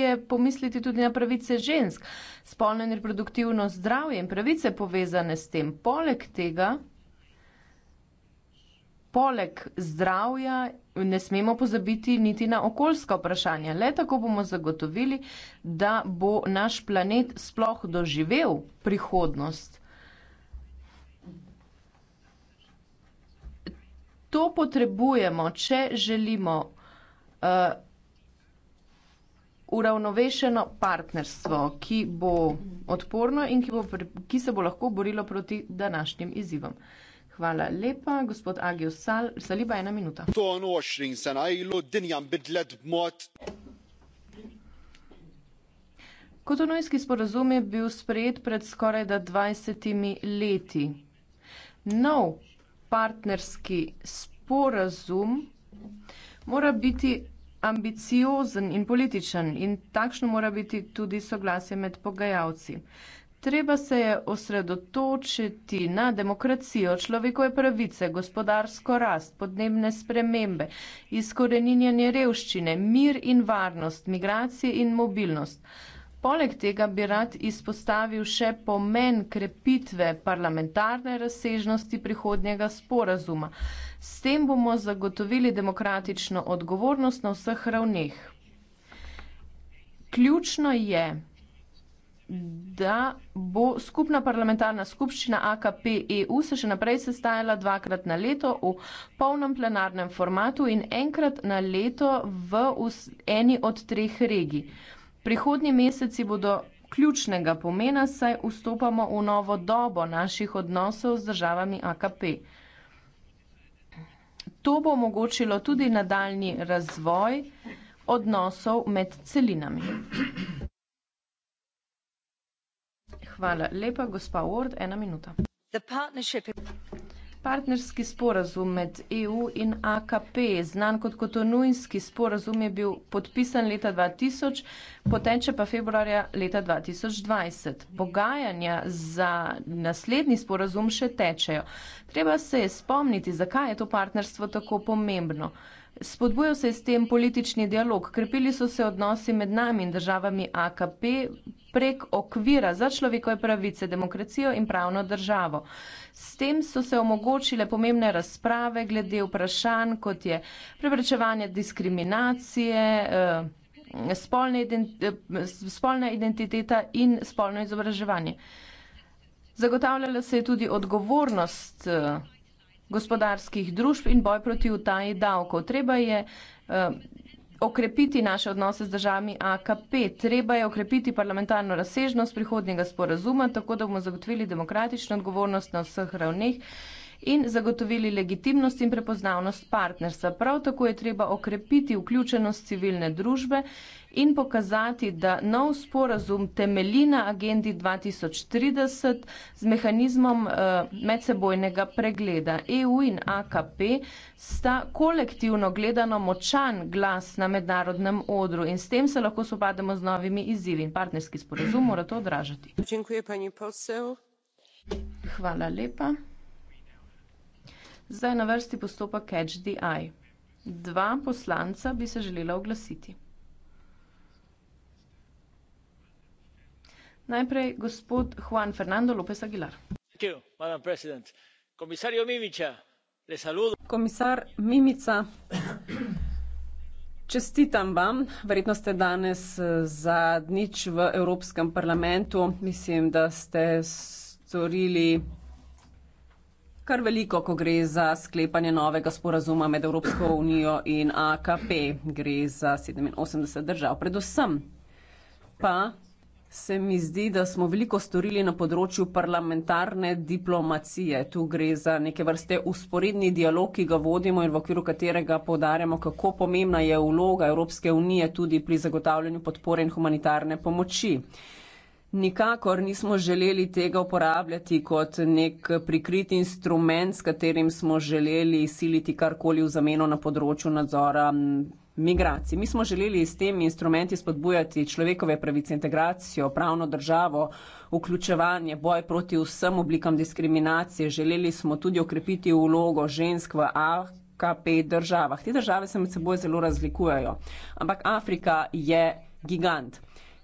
je pomisliti tudi na pravice žensk, spolno in reproduktivno zdravje in pravice povezane s tem. Poleg tega, poleg zdravja, ne smemo pozabiti niti na okoljska vprašanja. Le tako bomo zagotovili, da bo naš planet sploh doživel prihodnost. To potrebujemo, če želimo uh, uravnovešeno partnerstvo, ki bo odporno in ki, bo, ki se bo lahko borilo proti današnjim izzivom. Hvala lepa, gospod Agijo Sal, saliba ena minuta. Kotonojski sporazum je bil sprejet pred skoraj 20 leti. Nov partnerski sporazum mora biti ambiciozen in političen in takšno mora biti tudi soglasje med pogajalci. Treba se je osredotočiti na demokracijo, človekove pravice, gospodarsko rast, podnebne spremembe, izkoreninjanje revščine, mir in varnost, migracije in mobilnost. Poleg tega bi rad izpostavil še pomen krepitve parlamentarne razsežnosti prihodnjega sporazuma. S tem bomo zagotovili demokratično odgovornost na vseh ravneh. Ključno je, da bo skupna parlamentarna skupščina AKP-EU se še naprej sestajala dvakrat na leto v polnem plenarnem formatu in enkrat na leto v eni od treh regij. Prihodnji meseci bodo ključnega pomena, saj vstopamo v novo dobo naših odnosov z državami AKP. To bo omogočilo tudi nadaljni razvoj odnosov med celinami. Hvala lepa, gospa Ward, ena minuta partnerski sporazum med EU in AKP, znan kot kotonujski sporazum, je bil podpisan leta 2000, poteče pa februarja leta 2020. Pogajanja za naslednji sporazum še tečejo. Treba se je spomniti, zakaj je to partnerstvo tako pomembno. Spodbujal se je s tem politični dialog, krepili so se odnosi med nami in državami AKP, prek okvira za človekove pravice, demokracijo in pravno državo. S tem so se omogočile pomembne razprave glede vprašanj, kot je preprečevanje diskriminacije, eh, spolne identi eh, spolna identiteta in spolno izobraževanje. Zagotavljala se je tudi odgovornost eh, gospodarskih družb in boj proti utaji davkov. Treba je okrepiti naše odnose z državami AKP. Treba je okrepiti parlamentarno razsežnost prihodnjega sporazuma, tako da bomo zagotovili demokratično odgovornost na vseh ravneh in zagotovili legitimnost in prepoznavnost partnerstva. Prav tako je treba okrepiti vključenost civilne družbe in pokazati, da nov sporazum temelji na agendi 2030 z mehanizmom eh, medsebojnega pregleda. EU in AKP sta kolektivno gledano močan glas na mednarodnem odru in s tem se lahko spopademo z novimi izzivi. Partnerski sporazum mora to odražati. Hvala lepa. Zdaj na vrsti postopa Catch the Eye. Dva poslanca bi se želela oglasiti. Najprej gospod Juan Fernando López Aguilar. Komisar Mimica, čestitam vam. Verjetno ste danes eh, zadnjič v Evropskem parlamentu. Mislim, da ste storili Kar veliko, ko gre za sklepanje novega sporazuma med Evropsko unijo in AKP, gre za 87 držav. Predvsem pa se mi zdi, da smo veliko storili na področju parlamentarne diplomacije. Tu gre za neke vrste usporedni dialog, ki ga vodimo in v okviru katerega podarjamo, kako pomembna je vloga Evropske unije tudi pri zagotavljanju podpore in humanitarne pomoči. Nikakor nismo želeli tega uporabljati kot nek prikrit instrument, s katerim smo želeli siliti karkoli v zameno na področju nadzora migracij. Mi smo želeli s temi instrumenti spodbujati človekove pravice, integracijo, pravno državo, vključevanje, boj proti vsem oblikam diskriminacije. Želeli smo tudi okrepiti vlogo žensk v Ah. KP državah. Te države se med seboj zelo razlikujejo. Ampak Afrika je gigant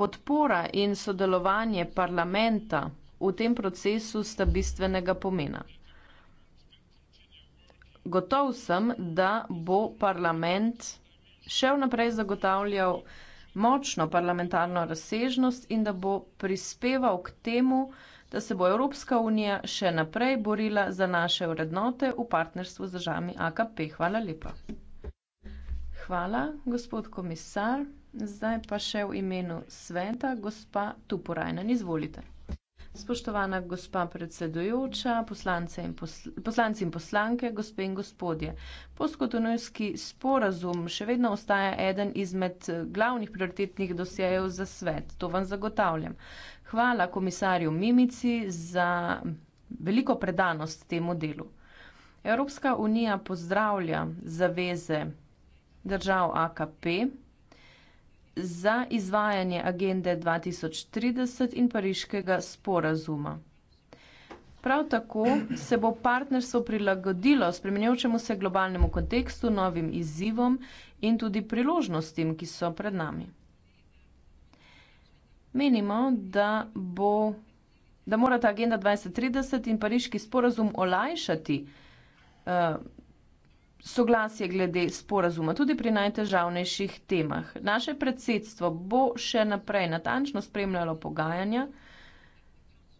Podpora in sodelovanje parlamenta v tem procesu sta bistvenega pomena. Gotov sem, da bo parlament še vnaprej zagotavljal močno parlamentarno razsežnost in da bo prispeval k temu, da se bo Evropska unija še naprej borila za naše vrednote v partnerstvu z državami AKP. Hvala lepa. Hvala, gospod komisar. Zdaj pa še v imenu sveta, gospa Tuporajna, izvolite. Spoštovana gospa predsedujoča, poslance in posl poslanci in poslanke, gospe in gospodje. Postkotonojski sporazum še vedno ostaja eden izmed eh, glavnih prioritetnih dosjejev za svet. To vam zagotavljam. Hvala komisarju Mimici za veliko predanost temu delu. Evropska unija pozdravlja zaveze držav AKP za izvajanje agende 2030 in pariškega sporazuma. Prav tako se bo partnerstvo prilagodilo spremenjavčemu se globalnemu kontekstu, novim izzivom in tudi priložnostim, ki so pred nami. Menimo, da, bo, da mora ta agenda 2030 in pariški sporazum olajšati uh, soglasje glede sporazuma, tudi pri najtežavnejših temah. Naše predsedstvo bo še naprej natančno spremljalo pogajanja,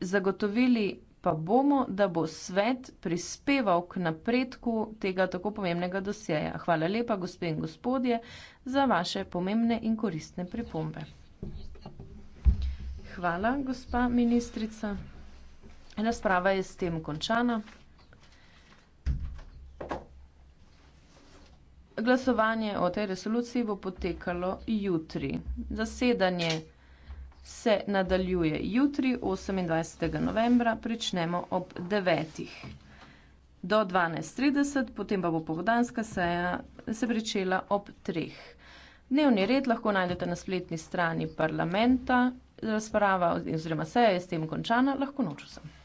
zagotovili pa bomo, da bo svet prispeval k napredku tega tako pomembnega dosjeja. Hvala lepa, gospe in gospodje, za vaše pomembne in koristne pripombe. Hvala, gospa ministrica. Razprava je s tem končana. Glasovanje o tej resoluciji bo potekalo jutri. Zasedanje se nadaljuje jutri, 28. novembra, pričnemo ob 9. do 12.30, potem pa bo pohodanska seja se pričela ob 3. Dnevni red lahko najdete na spletni strani parlamenta. Razprava oziroma seja je s tem končana, lahko noč vsem.